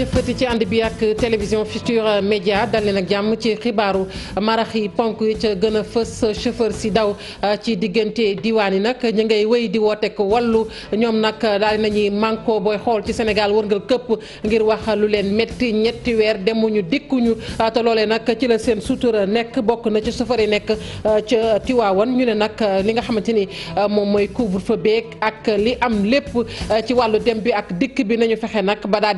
jëfati ci ànd bi ak télévision Futur Média dal leen ak jàmm ci xibaaru marax ponk yi ca gën a fës chauffeur si daw ah, ci diggante diwaan yi nag ñu ngay wéy di ko wallu ñoom nag daal nañuy manko booy xool ci Sénégal wërngal këpp ngir wax lu leen métti ñetti weer demuñu dikkuñu ah, te loolee nag ci la seen sutura nekk bokk na ci chauffeur yi nekk ah, ca Tiwaawan ñu ne nag li nga xamante ni moom mooy couvre-feu beeg ak li am lépp ci wàllu dem bi ak dikk bi nañu fexe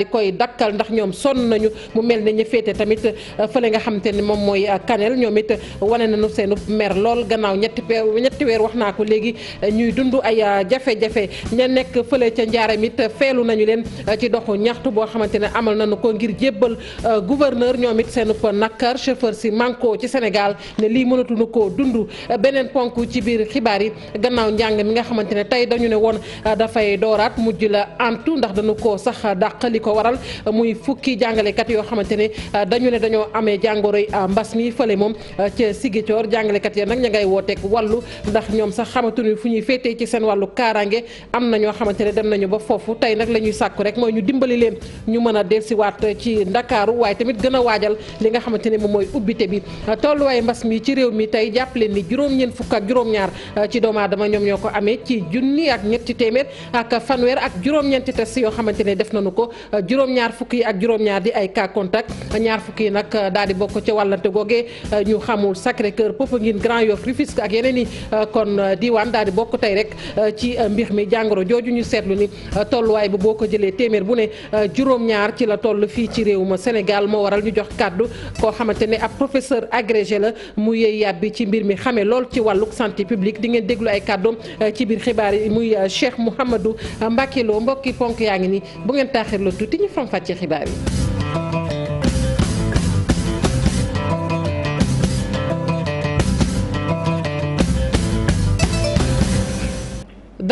ndax ñoom sonn nañu mu mel ne ñu féete tamit euh, fële nga xamante ni moom mooy euh, Kanel ñoom it euh, wane nañu seenu mer lool gannaaw ñetti weer ñetti wax naa ko léegi ñuy dund ay jafe-jafe ña nekk fële ca njaaram it feelu nañu leen ci doxu ñaxtu boo xamante ne amal nañu ko ngir jébbal gouverneur ñoom it seenu ko nakkar chauffeur si manko ci Sénégal ne lii mënatuñu koo dund beneen ponk ci biir xibaar yi gannaaw njàng mi nga xamante ne tey dañu ne woon dafay dooraat mujj la antu ndax dañu ko sax dàq ko waral muy fukki jàngalekat yoo xamante ne euh, dañu ne dañoo amee jàngoroy euh, mbas mi fële moom euh, ca Sigicoor jàngalekat ya nag ña ngay wooteeg wàllu ndax ñoom sax xamatuñu fu ñuy féetee ci seen wàllu kaaraange am na ñoo xamante ne dem nañu ba foofu tey nag la ñuy sàkku rek mooy ñu dimbali leen ñu mën a delsiwaat ci ndakaaru waaye tamit gën a waajal li nga xamante ne moom mooy ubbite bi tolluwaayu mbas mi ci réew mi tey jàpp leen ni juróom-ñeent fukk ak juróom-ñaar ci doomu ñoom ñoo ko amee ci junni ak ñetti téeméer ak fanweer ak juróom-ñeenti test yoo xamante ne def nañu ko fukki ak juróom-ñaar di ay cas contact ñaar fukki nag daal di bokk ca wàllante googee ñu xamul Sacré-Cœur Popenguine Grand Yoff Rufisque ak yeneen i kon diwaan daal bokk tey rek ci mbir mi jàngoro jooju ñu seetlu ni tolluwaay bu boo ko jëlee téeméer bu ne juróom-ñaar ci la toll fii ci réew réewum Sénégal moo waral ñu jox kàddu koo xamante ne ab professeur agrégé la mu yëy yàbbi ci mbir mi xamee lool ci wàlluk santé publique di ngeen déglu ay kàddoom eh, ci biir xibaar yi muy eh, Cheikh Mouhamadou Mbacké xibaar yi.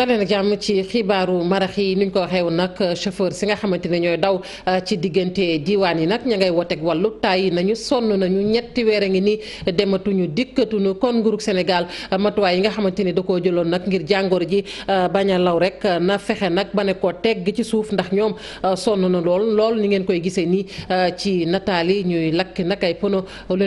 daleen ak jàmm ci xibaaru marax yi ni ñu ko waxee woon nag chauffeur si nga xamante ne ñooy daw euh, ci diggante diiwaan yi nag ña ngay woteeg wàllu tàyyi nañu sonn nañu ñetti weer a ngi nii dematuñu dikkatuñu kon nguurug Sénégal euh, matuwaay yi nga xamante ni da koo jëloon nag ngir jàngoor ji euh, bañ a law rek na fexe nag ba ne koo tegg ci suuf ndax ñoom sonn na lool lool ni ngeen koy gisee nii ci nataal yi ñuy lakk nag ay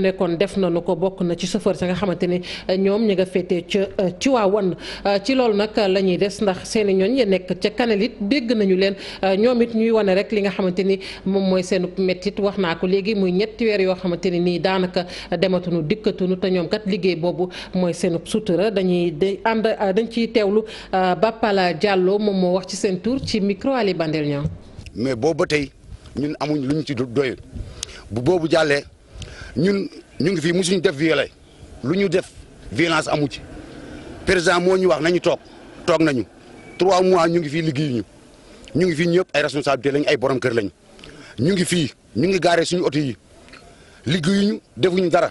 nekkoon def nañu ko bokk na ci chauffeur si nga xamante ni ñoom ñi nga féetee ca loolu nag lañuy des ndax seen i ñooñ ya nekk ca kanal dégg nañu leen euh, ñoom it ñuy wane rek li nga xamante ni moom mooy seen méttit wax naa ko léegi muy ñetti weer yoo xamante ni nii daanaka dematuñu dikkatuñu te ñoom kat liggéey boobu mooy seen sutura dañuy day ànd euh, dañ ciy teewlu euh, Bapala jàlloo moom moo wax ci seen tour ci micro Ali Bandel mais boobu ba tey ñun amuñ lu ñu ci doyul bu boobu jàllee ñun ñu ngi fii musuñu def violé lu ñu def violence amu ci président moo ñu wax nañu toog toog nañu trois mois ñu ngi fii liggéeyuñu ñu ñu ngi fii ñëpp ay responsabilité lañ ay borom kër lañu ñu ngi fii ñu ngi gaare suñu oto yi liggéeyuñu defuñu dara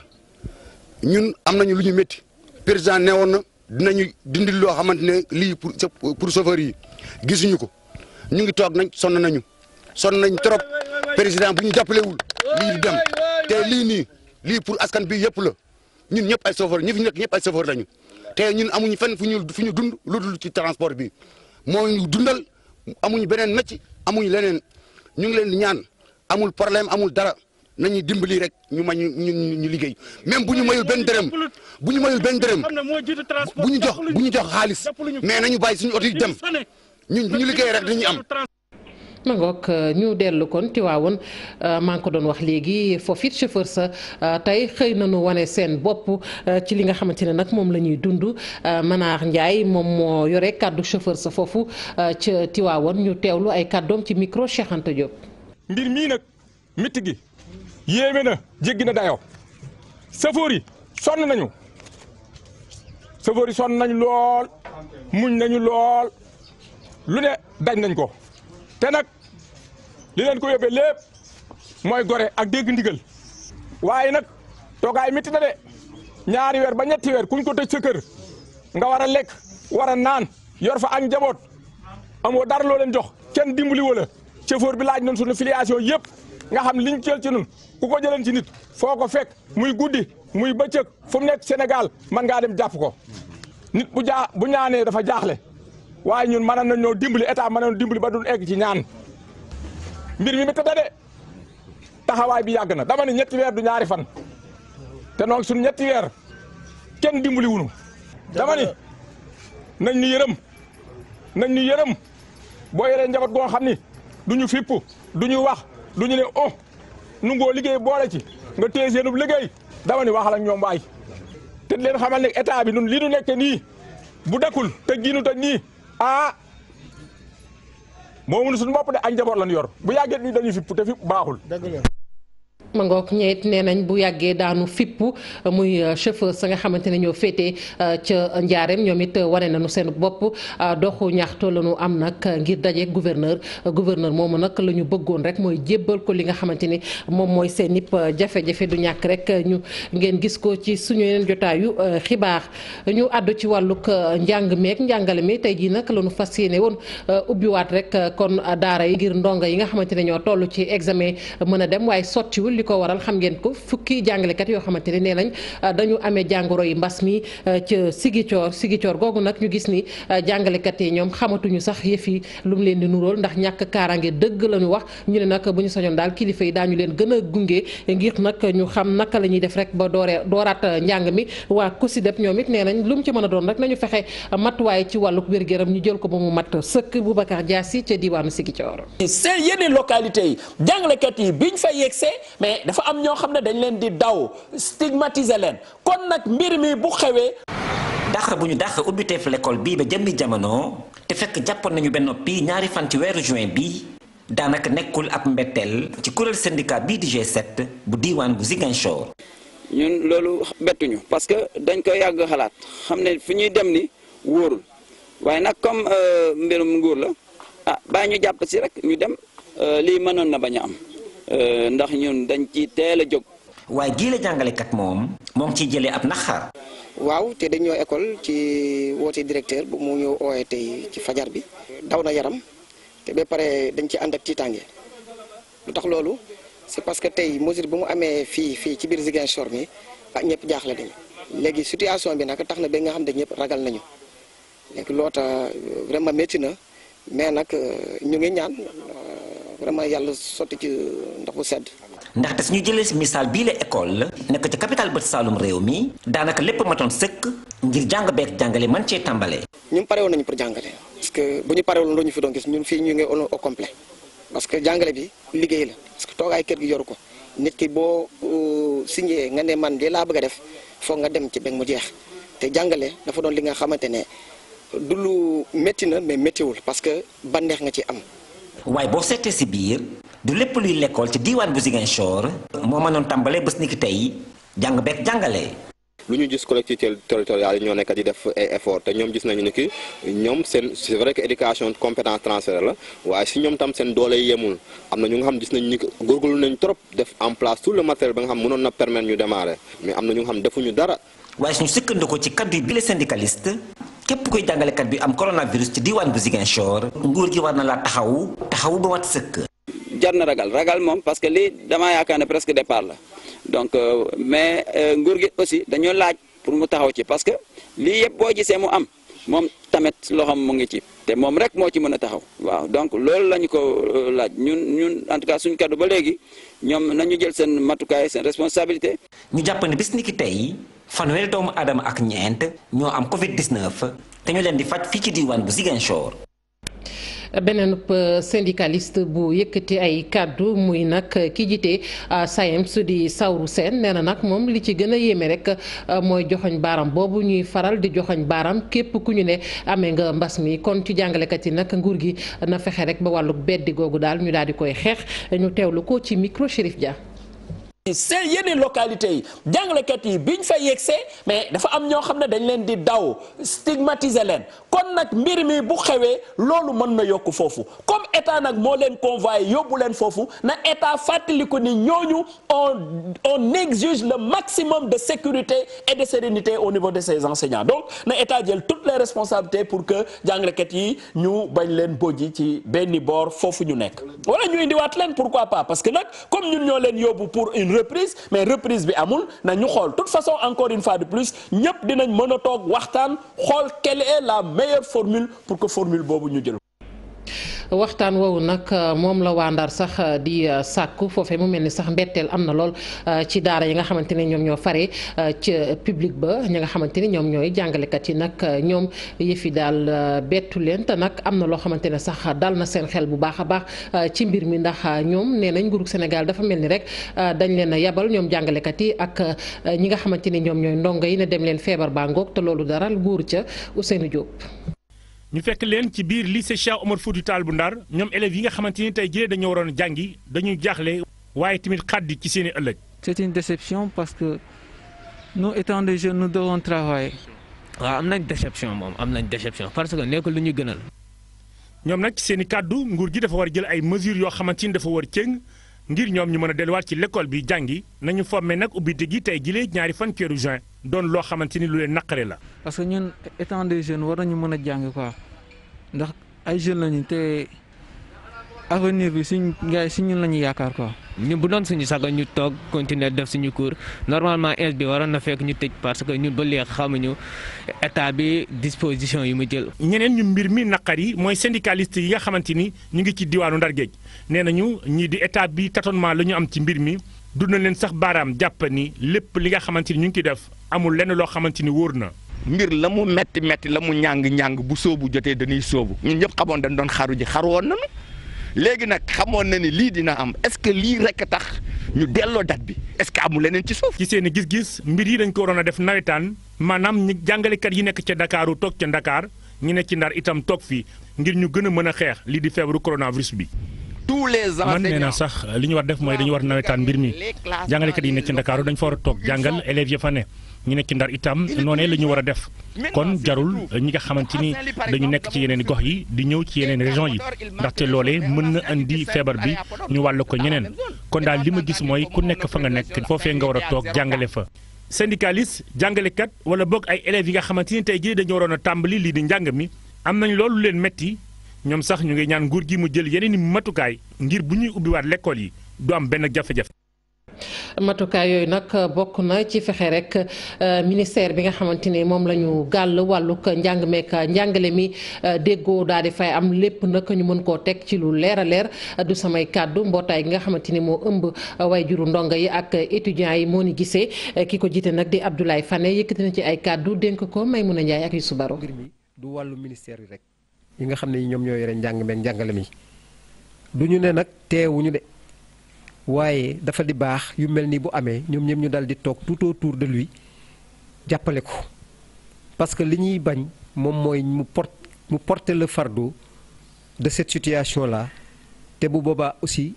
ñun am nañu lu ñu métti président ne woon na dinañu dindi loo xamante ne lii pour pour chauffeur yi gisuñu ko ñu ngi toog nañ sonn nañu sonn nañ trop président bu ñu jàppalewul lii di dem te lii nii lii pour askan bi yëpp la ñun ñëpp ay chauffeur ñi fi nekk ñëpp ay chauffeur lañu te ñun amuñu fen fu ñu fu dund lu dul ci transport bi moo ñu dundal amuñu beneen mécc amuñu leneen ñu ngi leen di ñaan amul problème amul dara na nañuy dimbali rek ñu ma ñu ñu liggéey même bu ñu mayul benn dërëm bu ñu mayul benn dërëm bu ñu jox bu ñu jox xaalis mais ñu bàyyi suñu oto yi dem ñun ñu liggéey rek dañuy am. ma ngoog euh, ñu dellu kon Tiwaawoon euh, maa ngi ko doon wax léegi foofu it chauffeur sa euh, tey xëy na nu wane seen bopp ci li nga xamante ne nag moom lañuy dund manaax Ndiaye moom moo yore kàddu chauffeur sa foofu ca Tiwaawoon ñu teewlu ay kàddoom ci micro Cheikh Anta Diop. mbir mii nag mitti gi yéeme na jéggi na dayoo safoor yi sonn nañu safoor yi sonn nañu lool muñ nañu lool lu ne dañ nañ ko te nag li leen ko yóbbee lépp mooy gore ak dégg ndigal waaye nag toogaay métti na de ñaari weer ba ñetti weer kuñ ko tëj sa kër nga war a lekk war a naan yor fa ak njaboot amoo dara loo leen jox kenn dimbali wala chauffeur bi laaj nañ sunu filiation yëpp nga xam liñ jël ci nun ku ko jëleen ci nit foo ko fekk muy guddi muy bëccëg fu mu nekk senegal man ngaa dem jàpp ko nit bu jaa bu ñaanee dafa jaaxle waaye ñun mën nañoo dimbali état mën nañoo dimbali ba duñ egg ci ñaan mbir mi métti da de taxawaay bi yàgg na dama ne ñetti weer du ñaari fan te noonu suñu ñetti weer kenn dimbali wunu dama ni nañ ñu yërëm nañ ñu yërëm boo yoree njaboot goo xam ni du ñu fipp du ñu wax du ñu ne oh nu liggéey boole ci nga téye seenub liggéey dama ni waxal ñoom waay te leen xamal ne état bi nun lii nu nii bu dakul te giinu te nii ah moomuñu suñu bopp de ak njaboot lañ yor bu yàggee dañuy fipp te fipp baaxul. ma ngoog ñeet nee nañ bu yàggee daanu fippu muy euh, chauffeur sa nga xamante ne ñoo féetee euh, ca njaareem ñoom it euh, wane nañu seen bopp doxu ñaxtu la ñu am nag ngir daje gouverneur gouverneur moomu nag la ñu bëggoon rek mooy jébbal ko li nga xamante ni moom mooy seen ip jafe-jafe du ñàkk rek ñu ngeen gis ko ci suñu yeneen jotaayu xibaar ñu àddu ci wàllug njàng meeg njàngale mi tey jii nag la ñu fas yéene woon ubbiwaat rek kon daara yi ngir ndongo yi nga xamante ne ñoo toll ci examen mën li ko waral xam ngeen ko fukki jàngalekat yoo xamante ne nee nañ ah, dañu amee jàngoro yi mbas mi ah, ca Sigicoor Sigicoor googu nag ñu gis ni ah, jàngalekat yi ñoom xamatuñu sax yëf yi lu mu leen di nuróol ndax ñàkk kaaraange dëgg la ñu wax ñu ne nag bu ñu soñoon daal kilifa yi daañu leen gën a gunge ngir nag ñu xam naka la ñuy def rek ba dooree dooraat njàng mi waa COSYDEP ñoom it nee nañ lu mu ci mën a doon rek nañu fexe matuwaay ci wàllu wér-gu-yaram ñu jël ko ba mu mat sëkk Boubacar Diassi ca diwaanu Sigicoor seen yenn jàngalekat yi biñ fa yegsee dafa am ñoo xam ne dañ leen di daw stigmatiser leen kon nag mbir mi bu xewee. dàq bu ñu dàq ubbiteef l'école bii ba jëmmi jamono te fekk jàppoon nañu benn noppi ñaari fan ci weeru juin bi daanaka nekkul ab mbetteel ci kuréel syndicat bii di G7 bu diwaan bu Ziguinchor. ñun loolu bettuñu parce que dañ koy yàgg xalaat xam ne fi ñuy dem ni wóorul waaye nag comme euh, mbirum nguur la ah bàyyi ñu jàpp si rek ñu dem euh, lii mënoon na bañu am. Euh, ndax ñun dañ ci teel a jóg. waaye gii la jàngalekat moom. moo ngi ciy jëlee ab naxar. waaw te dañ ñëw école ci woote directeur bu mu ñëw ooyee tey ci fajar bi. daw na yaram te ba pare dañ ci ànd ak tiitaange lu tax loolu c'est parce que tey mesure bu mu amee fii fii ci biir Ziguinchor mi ak ah, ñëpp jaaxle nañu. léegi situation bi nag tax na ba nga xam dañ ñëpp ragal nañu léegi loota euh, vraiment métti na mais nag euh, ñu ngi ñaan. vraiment yàlla sotti ci ndox bu sedd. ndaxte suñu jëlee si misaal bii la école nekk ci capital bët Saalum réew mi daanaka lépp matoon sëkk ngir jàng beek jàngale man cee tàmbale. ñun pareewoon nañu pour jàngale parce que bu ñu pareewoon loolu ñu fi doon gis ñun fii ñu ngi au complet parce que jàngale bi liggéey la parce que toogaay kër gi yoru ko nit ki boo euh, signé nga ne man de laa bëgg a def foog nga dem ci benn mu jeex te jàngale dafa doon li nga xamante ne du lu métti na mais méttiwul parce que banneex nga ci am. waaye boo seetee si biir du lépp luy lekkool ci diiwaan bu Ziguinchor moo mënoon tàmbalee bés ni ki tey jàng beeg jàngale. lu ñu gis collectivités territoriales yi ñoo nekk di def ay effort te ñoom gis nañu ni ki ñoom seen c'est vrai que éducation compétence transfert la waaye si ñoom tam seen doole yemul am na ñu nga xam gis nañu ni ki góorgóorlu nañ trop def en place tout le matériel ba nga xam mënoon na permettre ñu démarrer mais am na ñu nga xam defuñu dara. waaye suñu sëkkandikoo ci kaddu yi bile syndicaliste képp kuy jàngalekat bi am coronavirus ci diwaan bu Ziguinchor nguur gi war na laa taxaw taxawu ba mat sëkk. jar na ragal ragal moom parce que lii damaa yaakaar ne presque départ la donc euh, mais euh, nguur gi aussi dañoo laaj pour mu taxaw ci parce que lii yëpp boo gisee mu am moom tamit loxoom mu ngi ci te moom rek moo ci mën a taxaw waaw donc loolu lañu ko euh, laaj ñun ñun en tout cas suñ kaddu ba léegi ñoom nañu jël seen matukaay seen responsabilité. ñu jàpp ne bis ni ki tey. fanweeri doomu aadama ak ñeent ñoo am Covid 19 te ñu leen di faj fii ci diiwaan bu Ziguinchor. beneen syndicaliste bu yëkkati ay kàddu muy nag ki jite SAEMS di sawru seen nee na nag moom li ci gën a yéeme rek mooy joxoñ baaram boobu ñuy faral di joxoñ baaram képp ku ñu ne amee nga mbas mi kon ci jàngalekat yi nag nguur gi na fexe rek ba wàlluk beddi googu daal ñu daal di koy xeex ñu teewlu ko ci micro Chérif seen yeneen localité yi jàngalekat yi biñ fa yegsee mais dafa am ñoo xam ne dañ leen di daw stigmatiser leen kon nag mbir mi bu xewee loolu mën na yokk foofu comme état nag moo leen convoyé yóbbu leen foofu na état fàttaliku ni ñooñu on on exige le maximum de sécurité et de sérénité au niveau de ces enseignants donc na état jël toutes les responsabilités pour que jàngalekat yi ñu bañ leen bojji ci benn boor foofu ñu nekk wala ñu indiwaat leen reprise mais reprise bi amul na ñu xool toute façon encore in fois de plus ñëpp dinañ mën a toog waxtaan xool quelle est la meilleure formule pour que formule boobu ñu jël waxtaan woowu nag euh, moom la waa Ndar sax euh, di euh, sàkku foofe mu mel ni sax mbetteel am na lool ci daara yi nga xamante ne ñoom ñoo fare ca public ba ñi nga xamante ni ñoom ñooy jàngalekat yi nag ñoom yëfi daal bettu leen nag am na loo xamante ne sax dal na seen xel bu baax a baax ci mbir mi ndax ñoom nee nañ nguurug Sénégal dafa mel ni rek dañ leen a yabal ñoom jàngalekat yi ak ñi nga xamante ni ñoom ñooy ndongo yi ne dem leen feebar baa ngoog te loolu dara nguur ca u Ousseynou Diop. ñu fekk leen ci biir li Cheikh Omar Foutiyou Tall bu Ndar ñoom élèves yi nga xamante ni tey jii dañoo waroon jàngi dañuy jaaxle waaye tamit xaddi ci seen i ëllëg. c'est une déception parce que nous étant des jeunes nous devons travailler. waaw am nañ déception moom am nañ déception parce que nekk lu ñu gënal. ñoom nag ci seeni kàddu nguur ji dafa war jël ay mesures yoo xamante ni dafa war cëng ngir ñoom ñu mën a delluwaat ci l'école bi jàngi nañu formé nag ubbite gi tey jilee ñaari fan weeru juin doon loo xamante ni lu leen naqare la. parce que ñun étant des jeunes war nañu mën a jàng ko ndax ay jeunes lañu te. avenir bi suñ gars yi si ñun la ñuy yaakaar quoi. ñu bu doon suñu sago ñu toog continuer def suñu cours normalement ins bi waroon na fekk ñu tëj parce que ñun ba léegi xamuñu état bi disposition yi mu jël. ñeneen ñu mbir mi naqar yi mooy syndicaliste yi nga xamante ni ñu ngi ci diwaanu Ndar Géej nee nañu ñii di état bi tâtonnement la ñu am ci mbir mi dund na leen sax baaraam jàpp ni lépp li nga xamante ni ñu ngi ciy def amul lenn loo xamante ni wóor na. mbir la mu metti metti la mu ñàng ñàng bu soobu jotee dañuy soobu ñun ñëpp xamoon dañ doon xaru ji xaru woon léegi nag xamoon na ni lii dina am est-ce que lii rek tax ñu delloo dat bi est-ce que amul leneen ci suuf. ci seen i gis-gis mbir yi dañ ko waroon a def nawetaan maanaam jàngalekat yi nekk ca ndakaaru toog ca ndakaar ñu nekk ci Ndar itam toog fii ngir ñu gën a mën a xeex lii di feebaru coronavirus bi. tous les enseignants man nee naa sax li ñu war def mooy dañu war nawetaan mbir mi jàngalekat yi nekk ci Dakaaru dañu fa war a toog jàngal élèves ya fa ne. ñu nekk ci ndar itam noonee la ñu war a def kon jarul ñi nga xamante ni dañu nekk ci yeneen gox yi di ñëw ci yeneen région yi ndaxte loole mën na indi feebar bi ñu wàll ko ñeneen kon daal li ma gis mooy ku nekk fa nga nekk foofee nga war a toog jàngale fa syndicaliste jàngalekat wala boog ay élèves yi nga xamante ni tey jii dañu waroon a tàmbali lii di njàng mi am nañ loolu leen metti ñoom sax ñu ngi ñaan nguur gi mu jël yeneen i matukaay ngir bu ñuy ubbiwaat yi du am benn jafe matukaay yooyu nag bokk na ci fexe rek euh, ministère bi nga xamante ne moom la ñu gàll wàllug njàng meek njàngale mi euh, déggoo daal di fay am lépp nag ñu mën koo teg ci lu leer a leer du samay kàddu mbootaay gi nga xamante ni moo ëmb way juru ndongo yi ak étudiants yi moo ni gisee ki ko jiite nag di Abdoulaye Fane yëkkati na ci ay kàddu dénk ko Maymouna Ndiaye ak Youssou Baro. mbir mi du wàllu ministère yi rek. yi nga xam ne ñoom ñoo yore njàng meek njàngale mi. du ñu waaye dafa di baax yu mel ni bu amee ñoom ñëpp ñu daal di toog tout autour de lui jàppale ko parce que li ñuy bañ moom mooy mu port mu porter la fardeau de cette situation là te bu boobaa aussi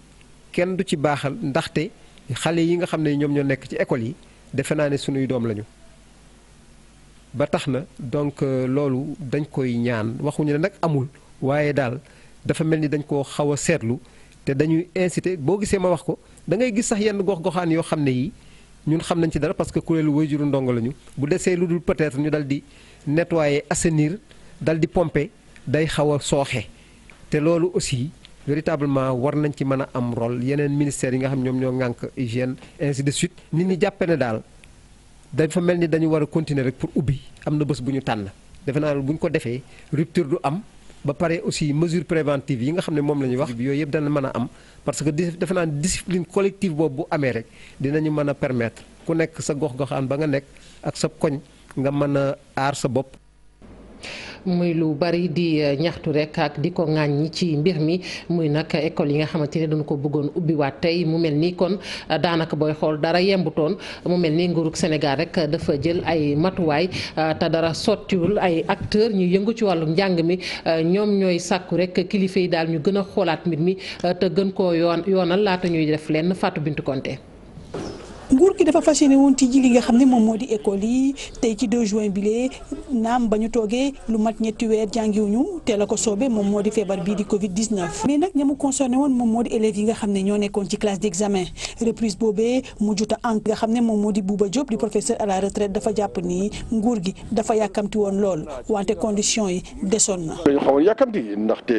kenn du ci baaxal ndaxte xale yi nga xam ne ñoom ñoo nekk ci école yi defe naa ne sunuy doom lañu ba tax na donc euh, loolu dañ koy ñaan waxuñu ne nag amul waaye daal dafa mel ni dañ koo xaw a seetlu. te dañuy incité boo gisee ma wax ko da ngay gis sax yenn gox-goxaan yoo xam ne yi ñun xam nañ ci dara parce que kuréelu wayjuru ndongo lañu bu desee lu dul peut-être ñu dal di nettoyer assainir dal di pomper day xaw a sooxe te loolu aussi véritablement war nañ ci mën a am rôle yeneen ministères yi nga xam ñoom ñoo ŋànk hygiène ainsi de suite nit ñi jàppe ne daal dafa mel ni dañu war a continuer rek pour ubbi am na bés bu ñu tànn defe naa bu ñu ko defee rupture du am. ba pare aussi mesure préventive yi nga xam ne moom la ñuy wax yooyu yëpp dana mën a am parce que defe naa discipline collective boobu bu amee rek dinañu mën a permettre ku nekk sa gox-goxaan ba nga nekk ak sa koñ nga mën a aar sa bopp muy lu bari di eh, ñaxtu rek ak di ko ŋàññi ci mbir mi muy nag école yi nga xamante ne dañu ko bëggoon ubbiwaat tey mu mel ni kon eh, daanaka booy xool dara yembutoon mu mel ni nguurug Sénégal rek dafa jël ay matuwaay eh, te dara sottiwul ay acteurs ñu yëngu ci wàllu njàng mi ñoom ñooy sàkku rek kilifa yi daal ñu gën a xoolaat mbir mi te gën koo yoon yoonal laata ñuy def lenn Fatou bintu Konté nguur gi dafa fasciné woon ci ji li nga xam ne moom moo di école yi tey ci 2 juin bile naam ba ñu toogee lu mat ñetti weer jàngiwuñu te la ko soobee moom moo di feebar bii di Covid 19. mais nag ña mu concerné woon moom moo di élèves yi nga xam ne ñoo nekkoon ci classe d' examen reprise boobee mu jot a nga xam ne moom moo di Bouba Diop di professeur à la retraite dafa jàpp nii nguur gi dafa yàkkamti woon lool wante condition yi desoon na. dañu xaw a yàkkamti ndaxte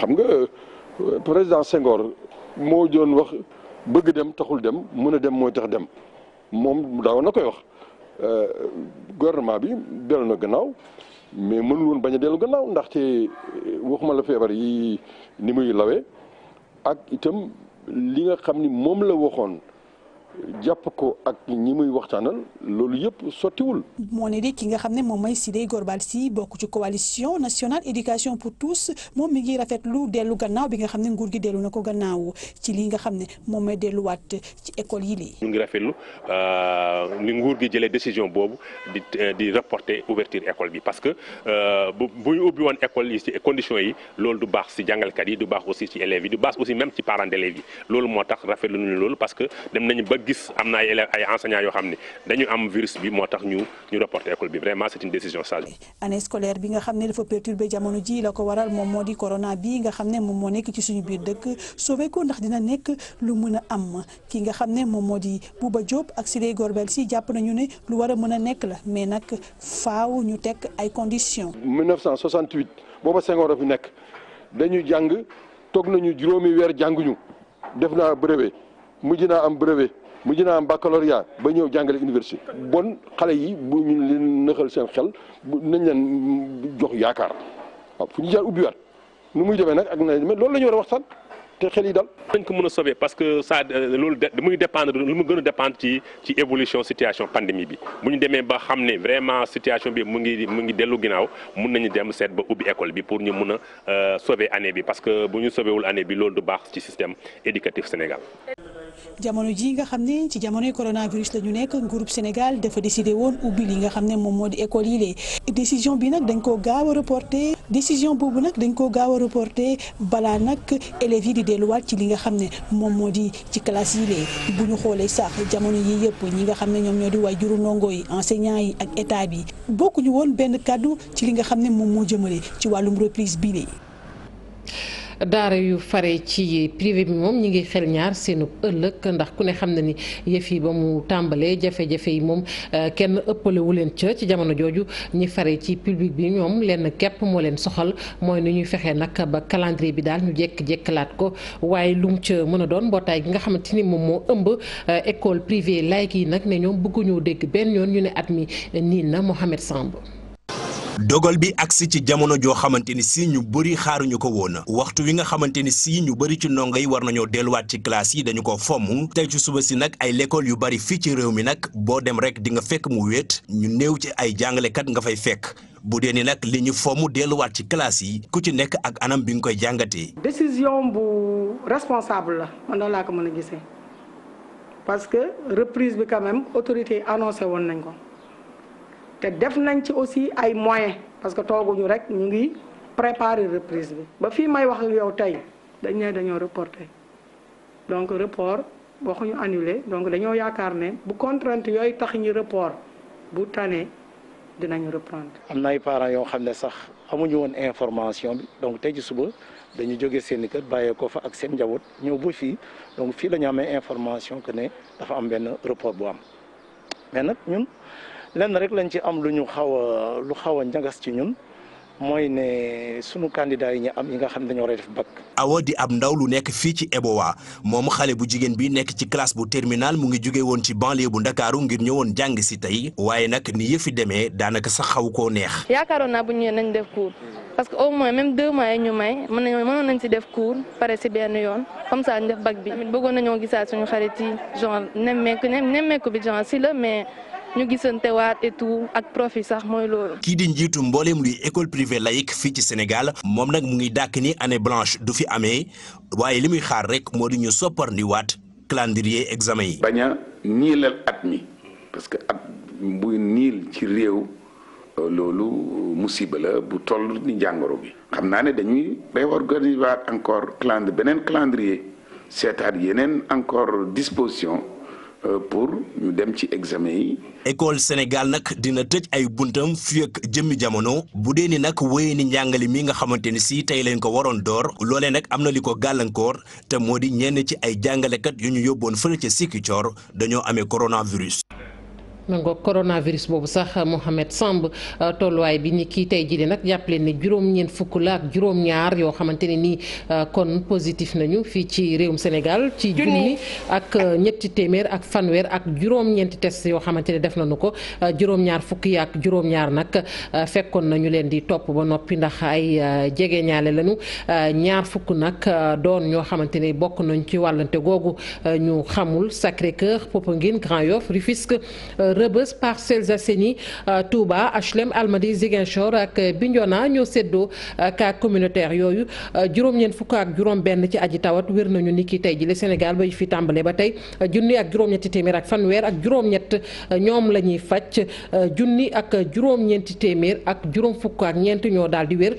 xam nga euh, président Senghor moo doon wax. bëgg dem taxul dem mën a dem mooy tax dem moom daaw na koy wax euh, gouvernement bi dellu na gannaaw mais mënul woon bañ a dellu gannaaw ndaxte euh, waxuma la feebar yi ni muy lawe ak itam li nga xam ni moom la waxoon jàpp ko ak ñi muy waxtaanal loolu yëpp sottiwul. moo ne di ki nga xam ne moom may si Sidé Gorbal Sy bokk ci coalition nationale éducation pour tous moom mi ngi rafetlu dellu gannaaw bi nga xam ne nguur gi dellu na ko gannaaw ci lii nga xam ne moom may delluwaat ci école yi lii. ñu ngi rafetlu euh, ni nguur gi jëlee décision boobu di euh, di reporter ouverture école bi parce que euh, bu bu ñu ubbi woon école yi ci conditions yi loolu du baax si jàngalkat yi du baax aussi ci élèves yi du baax aussi même ci parents d'élèves yi moo tax rafetlu gis am na ay élèves yoo xam ne dañu am virus bi moo tax ñu ñu reporter école bi vraiment c'est une décision sage. année scolaire bi nga xam ne dafa perturbé jamono ji la ko waral moom moo di corona bi nga xam ne moom moo nekk ci suñu biir dëkk sauvé nekk lu mën a am ki nga xam ne moom moo di Bouba Diop ak Siré Gorbel si jàpp nañu ne lu war a mën a nekk la mais nag faaw ñu teg ay conditions. 1968 booba Senghor a fi nekk dañu jàng toog nañu juróomi weer jànguñu def naa brevet. mujj naa am brevet mujj naa am baccalauréat ba ñëw jàngale université bon xale yi bu ñu leen nëxal seen xel nañ leen jox yaakaar waaw fu ñu jaar ubbiwaat nu muy demee nag na mais loolu la ñu war a waxtaan te xel yi dal. dañ ko mën a sauver parce que ça euh, loolu de muy dépendre lu mu gën a dépendre ci ci évolution situation pandémie bi bu ñu demee ba xam ne vraiment situation bi mu ngi mu ngi dellu ginnaaw mun nañu dem seet ba ubbi école bi pour ñu mun a euh, sauver année bi parce que bu ñu sauver wul année bi loolu du baax ci système éducatif Sénégal. jamono ji nga xam ne ci jamonoy coronavirus la ñu nekk nguurub Sénégal dafa décidé woon ubbi li nga xam ne moom moo di école yi lee décision bi nag dañ koo gaaw a reporté décision boobu nag dañ koo gaaw a reporté balaa nag élèves yi di delluwaat ci li nga xam ne moom moo di ci classe yi lee bu ñu xoolee sax jamono yi yëpp ñi nga xam ne ñoom ñoo di waay juru ndongo yi enseignants yi ak état bi bokkuñu woon benn kàddu ci li nga xam ne moom moo jëmale ci wàllum reprise bii lee daara yu fare ci privé bi moom ñi ngi xel ñaar seenu ëllëg ndax ku ne xam na ni yëf yi ba mu tàmbalee jafe-jafe yi moom euh, kenn ëppalewu leen ca ci jamono jooju ñi fare ci public bi ñoom lenn képp moo leen soxal mooy nu ñuy fexe nag ba calendrier bi daal ñu jékki-jékkilaat ko waaye lu mu ca mën a doon mbootaay gi nga xamante ni moom moo ëmb euh, école privée laïque yi nag ne ñoom bëgguñoo dégg benn yoon ñu ne at mi niin na Mohamed Samb dogal bi agsi ci jamono joo xamante ni si ñu bëri xaaruñu ko woon waxtu wi nga xamante ni si ñu bari ci ndongo yi war nañoo delluwaat ci classe yi dañu ko fomm tey ci suba si nag ay lekkool yu bëri fii ci réew mi nag boo dem rek di nga fekk mu wéet ñu néew ci ay jàngalekat nga fay fekk bu dee ni nag li ñu fomm delluwaat ci classe yi ku ci nekk ak anam bi nga koy jàngatee. décision bu responsable la man noonu laa ko mën a gisee parce que reprise bi woon nañ ko. te def nañ ci aussi ay moyen parce que tooguñu rek ñu ngi préparer reprise bi ba fii may wax yow tey dañ ne dañoo reporter donc report waxuñu annulé donc dañoo yaakaar ne bu contrainte yooyu tax ñu report bu tane dinañu reprendre. am na ay parents yoo xam ne sax amuñu woon information bi donc tey ci suba dañu jóge seen i kër bàyyee ko fa ak seen njawut ñëw ba fii donc fii la ñu amee information que ne dafa am benn report bu am mais ñun. lenn rek lañ ci am lu ñu xaw a xaw a njagas ci ñun mooy ne sunu candidat yi ñu am yi nga xam ne dañoo war a def bac. awa di ab ndaw lu nekk fii ci EBOA moom xale bu jigéen bi nekk ci classe bu terminal mu ngi jóge woon ci banlieue bu ndakaaru ngir ñëwoon jàng si tey waaye nag ni yëfi demee daanaka sax xaw koo neex. yaakaaroon naa bu ñu ñëwee nañ def cours parce que au moins même deux mois yi ñu may mën nañoo mënoon nañ si def cours pare si benn yoon comme ça ñu def bac bi. tamit bëggoon nañoo ñu gisante waat et tout ak profit sax mooy loolu. kii di njiitu mbooleem luy école privée laïque fii ci Sénégal moom nag mu ngi dàkk ni année blanche du fi amee waaye li muy xaar rek moo di ñu soppar sopparndi waat calendrier examen yi. bañ a niilal at mi parce que at bu niil ci réew euh, loolu musiba bu toll ni jàngoro bi. xam naa ne dañuy réorganiser waat encore calendrier beneen calendrier seetaat yeneen encore disposition. Euh, pour ñu dem ci examen yi. école Sénégal nag dina tëj ay buntam fii jëmmi jamono bu dee ni nag woye ni njàngale mi nga xamante ni si tey lañ ko waroon door loolee nag am na li ko gàllankoor te moo di ñenn ci ay jàngalekat yu ñu yóbboon fële ca Sikicoor dañoo amee coronavirus. ma ngoog coronavirus boobu sax Mohamed Samb euh, tolluwaay bi ni kii tey jii nag jàppale ne juróom-ñeent fukk la ak juróom-ñaar yoo xamante ne nii euh, kon positif nañu fii ci réewum Sénégal. ci junni ak euh, ñetti téeméer ak fanweer ak juróom-ñeenti test yoo xamante ne def nañu ko juróom-ñaar fukk yi ak juróom-ñaar nag fekkoon nañu leen di topp ba noppi ndax ay jege ñaale lañu ñaar fukk nag doon ñoo xamante ne bokk nañ ci wàllante googu ñu xamul Sacré-Cœur Popenguine grand Rebeuss Parcelles Assainies euh, Touba HLM Almadies Ziguinchor ak euh, Bignona ñoo seddoo euh, cas communautaire yooyu juróom-ñeent fukk ak juróom-benn ci aji tawat wér nañu ni ki tey jii Sénégal ba fi tàmbalee ba tey junni ak juróom-ñetti téeméer ak ak juróom ñoom la ñuy faj junni ak juróom-ñeenti téeméer ak juróom fukk ak ñeent ñoo daal di wér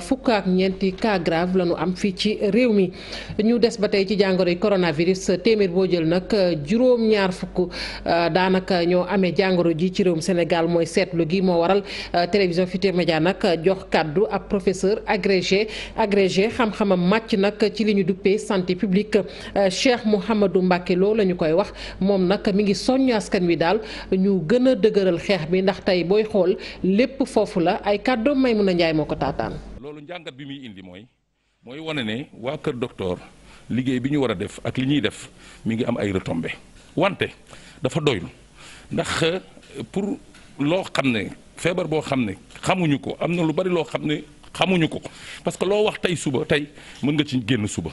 fukk ak ñeenti cas grave la ñu am fii ci réew mi. ñu des ba tey ci jàngoro yi coronavirus téeméer boo jël nag juróom-ñaar fukk daanaka ñoo amee jàngoro ji ci réewum Sénégal mooy seetlu gi moo waral euh, télévision Futurs Médias nag jox kàddu ab professeur agrégé agrégé xam-xamam màcc nag ci li ñu duppee santé publique euh, Cheikh Mouhamadou Mbacke loolu la ñu koy wax moom nag mi ngi soññ askan wi daal ñu gën a dëgëral xeex bi ndax tey booy xool lépp foofu la ay kàddoom may mun a njaay moo ko taataan. loolu njàngat bi muy indi mooy mooy wane ne waa kër docteur liggéey bi ñu war a def ak li ñuy def mi ngi am ay retombées wante dafa doyul ndax euh, pour loo xam ne feebar boo xam ne xamuñu ko am na lu bari loo xam ne xamuñu ko parce que loo wax tey suba tey mën nga ci génn suba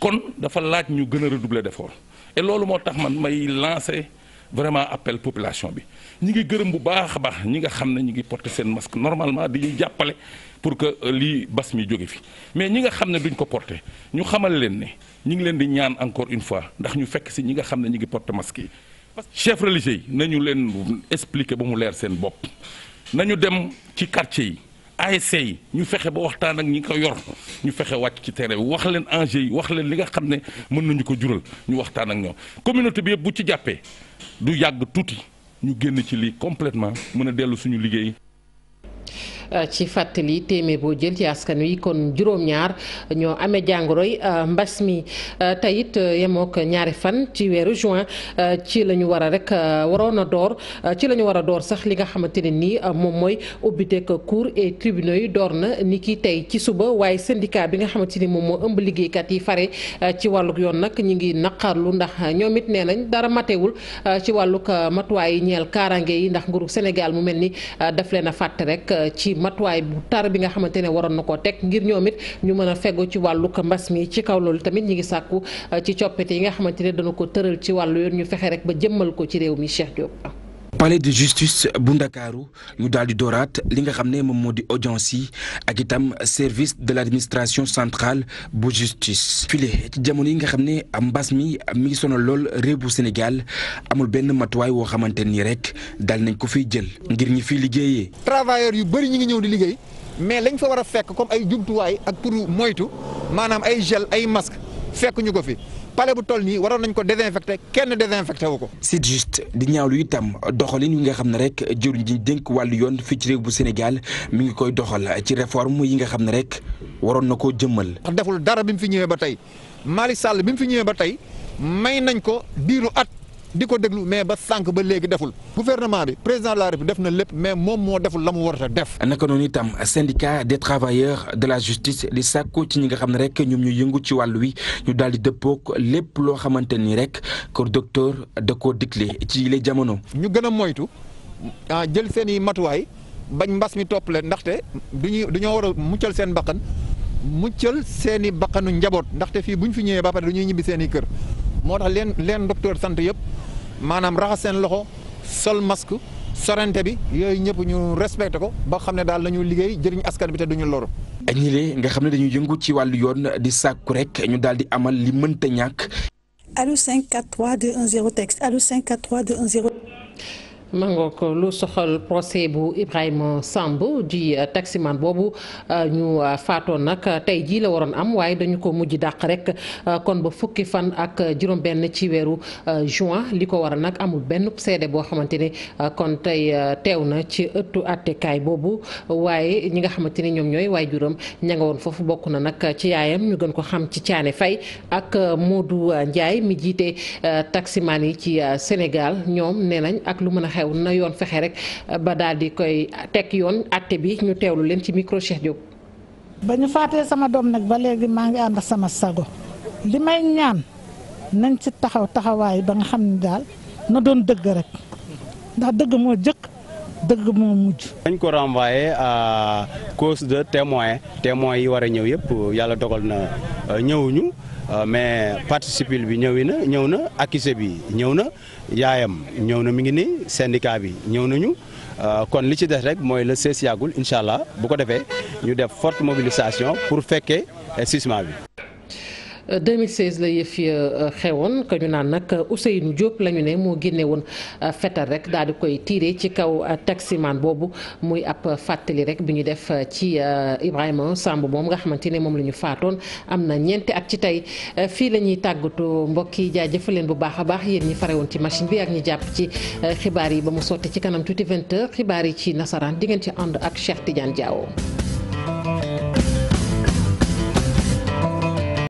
kon dafa laaj ñu gën a redoubler d'effort et loolu moo tax man may lancer vraiment appel population bi ñi ngi gërëm bu baax a baax ñi nga xam ne ñi ngi porte seen masque normalement di ñu jàppale pour que euh, lii bas mi jóge fi mais ñi nga xam ne duñ ko porter ñu xamal leen ne ñi ngi leen di ñaan encore une fois ndax ñu fekk si ñi nga xam ne ñi ngi porter masque yi chef religieux yi nañu leen expliquer ba mu leer seen bopp nañu dem ci quartier yi ASC yi ñu fexe ba waxtaan ak ñi ko yor ñu fexe wàcc ci tere bi wax leen enjeu yi wax leen li nga xam ne mën nañu ko jural ñu waxtaan ak ñoom communauté bi yëpp bu ci jàppee du yàgg tuuti ñu génn ci lii completement mën a dellu suñu liggéey ci fàttali téeméer boo jël ci askan wi kon juróom-ñaar ñoo amee yi euh, mbas mi euh, tey it euh, yemook ñaari fan ci weeru juin ci la ñu war a rek waroon a door ci la ñu war a door sax li nga xamante ne nii moom mooy ubbiteeg cour et tribunaux yi door na ni ki tey ci suba waaye syndicat bi nga xamante ni moom moo ëmb liggéeykat yi fare ci wàlluk yoon nag ñi ngi naqarlu ndax ñoom it nee nañ dara matewul ci wàlluk matuwaay ñeel kaaraange yi ndax nguru Sénégal mel ni matuwaay bu tar bi nga xamante ne waroon na koo teg ngir ñoom it ñu mën a fegu ci wàllu mbas mi ci kaw loolu tamit ñu ngi sàkku uh, ci coppite yi nga xamante ne dana ko tëral ci wàllu yoon ñu fexe rek ba jëmmal ko ci réew mi Cheikh Diop. palais de justice bu ndakaaru ñu daal di dooraat li nga xam ne moom moo di audience yi ak itam service de l' administration centrale bu justice. file ci jamono yi nga xam ne mbas mi mi ngi sonal lool réew bu Sénégal amul benn matuwaay woo xamante nii rek dal nañ ko fiy jël ngir ñi fiy liggéeyee. travailleurs yu bëri ñi ngi ñëw di liggéey mais lañ fa war a fekk comme ay jumtuwaay ak pour moytu maanaam ay gel ay masque fekk ñu ko fi. palais bu toll nii waroon nañ ko désinfecté kenn désinfecté wu ko. sit juste di ñaawlu itam doxalin yi nga xam ne rek jëriñ ji dénk wàllu yoon fii ci réew bu Sénégal mi ngi koy doxal ci réforme yi nga xam ne rek waroon na koo jëmmal. deful dara bi mu fi ñëwee ba tey Malick Sall bi mu fi ñëwee ba tey may nañ ko diiru at. di ko déglu mais ba sànq ba léegi deful gouvernement bi président de la République def na lépp mais moom moo deful la mu war a def. naka noonu itam syndicat des travailleurs de la justice li sàkku ci ñi nga xam ne rek ñoom ñu yëngu ci wàll wi ñu daal di dëppook lépp loo xamante ni rek ko docteur da koo dégle ci yile jamono. ñu gën a moytu ah jël seen i matuwaay bañ mbas mi topp leen ndaxte du ñuy dañoo war a muccal seen bakkan muccal seeni i bakkanu njaboot ndaxte fii bu fi ñëwee ba pare du ñibbi seen kër. moo tax leen leen docteur sant yëpp maanaam raxas seen loxo sol masque sorante bi yooyu ñëpp ñu respecté ko ba xam ne daal la ñu liggéey jëriñ askan bi te duñu loro ñi lee nga xam ne dañuy yëngu ci wàllu yoon di sàkku rek ñu daal di amal li mënta ñàkk. allo 543 210 texte allo 543 210. ma ngoog lu soxal procès bu Ibrahima Samb di euh, taximan boobu euh, ñu euh, faatoon nag tey jii la waroon am waaye dañu ko mujj dàq rek kon ba fukki fan ak juróom-benn ci weeru juin li ko waral nag amul benn seede boo xamante ne kon tey teew na ci ëttu àttekaay boobu waaye ñi nga xamante ni ñoom ñooy waajuram ña nga woon foofu bokk na nag ci yaayam ñu gën ko xam ci Caane Fay ak Modou njaay mi jiite taximan yi ci Sénégal ñoom nee nañ ak lu mën a xew na yoon fexe rek eh, ba daal di koy teg yoon àtte bi ñu teewlu leen ci micro Cheikh ba ñu faatee sama doom nag ba léegi maa ngi ànd sama sago li may ñaan nañ ci taxaw taxawaay ba nga xam ne daal na doon dëgg rek ndax dëgg moo jëkk dëgg moo mujj. dañ ko renvoyé à cause de témoin témoin yi war a ñëw yëpp yàlla dogal na eh, ñëwuñu. Euh, mais partie bi ñëwi na ñëw na accusé bi ñëw na yaayam ñëw na mi ngi nii syndicat bi ñëw nañu euh, kon li ci des rek mooy le 16 yàggul incha allah bu ko defee ñu def forte mobilisation pour fekkee jugement euh, bi. 2016 la yëf yi euh, xewoon ka ñu naan nag Ousseynou Diop la ñu ne moo génne woon euh, fetal rek daal di koy tiire ci kaw euh, taximan boobu muy ab fàttali rek bi ñu def ci Ibrahima Samb moom nga xamante ne moom la ñu faatoon am na ñeenti at ci tey fii la ñuy tàggatoo mbokk yi jaajëfal leen bu baax a baax yéen ñi farewoon ci machine bi ak ñi jàpp ci xibaar yi ba mu sotti ci kanam tuuti 20 xibaar yi ci nasaraan di ngeen ci ànd ak Cheikh Tidiane Diawo.